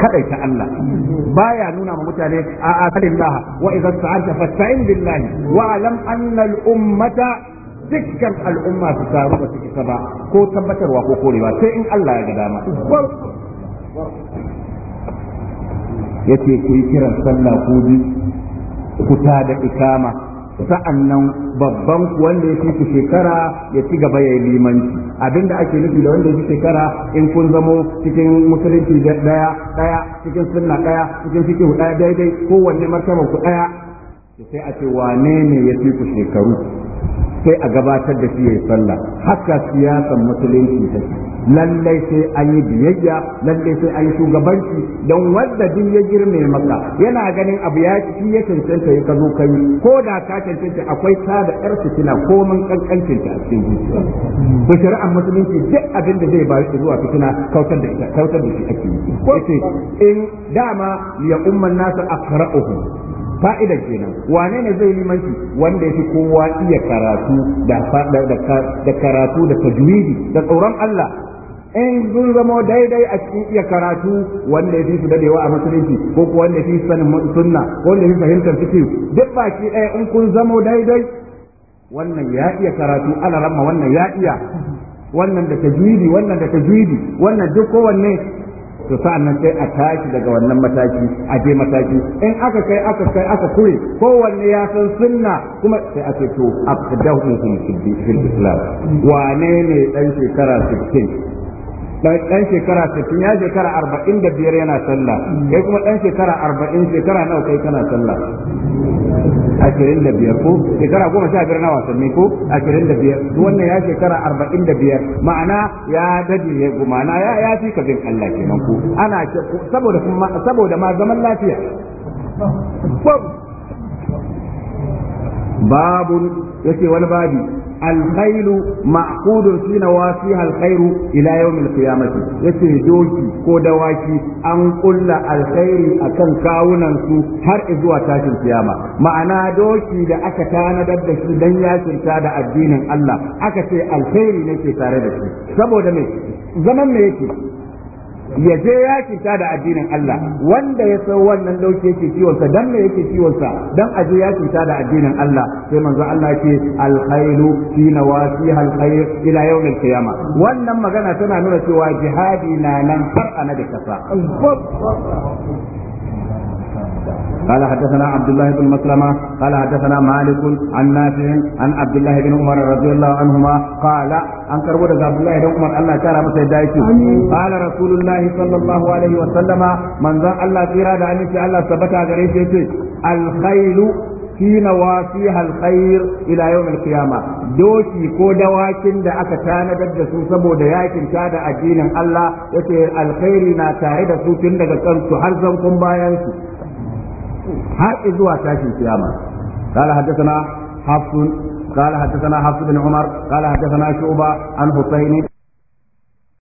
kadai ta Allah baya nuna ma mutane a asalillah wa idza sa'alta fasta'in billahi wa alam anna al dukkan al'umma su taru ba su isa ba ko tabbatarwa ko korewa sai in Allah ya ga dama yace ku yi kiran sallah ku bi ku ta da ikama sa'annan babban wanda ya fi shekara ya ci gaba ya yi limanci abinda ake nufi da wanda ya fi shekara in kun zamo cikin musulunci daya daya cikin sunna daya cikin fikihu daya daidai kowanne martaba ku daya sai a ce wane ne ya fi ku shekaru sai a gabatar da shi ya yi sallah haka siyasan musulunci take lallai sai an yi biyayya lallai sai an yi shugabanci don wanda duk ya girme maka yana ganin abu ya ci ya cancanta ya kazo kai ko da ka cancanta akwai ta da yar fitina ko mun kankancin ta a cikin zuciya ko shari'ar musulunci duk abin da zai bari zuwa fitina kautar da ita kautar da shi ake yi ko in dama ya umman nasu aqra'uhum fa'ida kenan wane ne zai limanci wanda ya fi kowa iya karatu da karatu da tajwidi da tsoron Allah in sun zamo daidai a cikin iya karatu wanda ya fi su dadewa a musulunci ko kuwa wanda ya fi sanin sunna ko wanda ya fi fahimtar cikin duk baki ɗaya in kun zamo daidai wannan ya iya karatu ala ramma wannan ya iya wannan da tajwidi wannan da tajwidi wannan duk kowanne to nan sai a tashi daga wannan mataki a je mataki in aka kai aka kai aka kure kowanne ya san sunna kuma sai a ce to abdahu hum fil islam wane ne dan shekara 60 dan shekara 60 ya shekara 45 yana sallah mm. kai kuma dan shekara 40 shekara nawa kai kana sallah 25 ko shekara biyar na wasanni ko 25 wannan ya shekara 45 ma'ana ya daje ya ma'ana ya ya fi ka bin Allah kenan ko ana saboda saboda ma zaman lafiya Babu yake wani babi الخيل معقود في نواسيها الخير الى يوم القيامه yace doki ko dawaki an kulla alkhairi akan kawunan su har zuwa tashin kiyama ma'ana doki da aka tanadar da shi dan yakinta da addinin Allah aka ce alkhairi nake tare da shi saboda me zaman me yake ya je yakin ta da addinin Allah wanda ya san wannan dauke yake ciwon sa dan me yake ciwon sa dan a je yakin ta da addinin Allah sai manzo Allah ce alkhairu fi nawasiha alkhair ila yawm alqiyama wannan magana tana nuna cewa jihadi na nan har na da kasa قال حدثنا عبد الله بن مسلمة قال حدثنا مالك عن نافع عن عبد الله بن عمر رضي الله عنهما قال أن كربو عبد الله بن عمر الله تعالى مسيدايته قال رسول الله صلى الله عليه وسلم من ذا الله في رادة عنه الله ثبت على الخيل fi nawafiha alkhair ila yawm alqiyama doki ko dawakin da aka tanadar da su saboda yakin ta da addinin Allah yace alkhairi na tare da su tun daga kansu har zankun bayan su har zuwa tashin kiyama قال حدثنا حفص قال حدثنا حفص بن عمر قال حدثنا شعبة عن حسين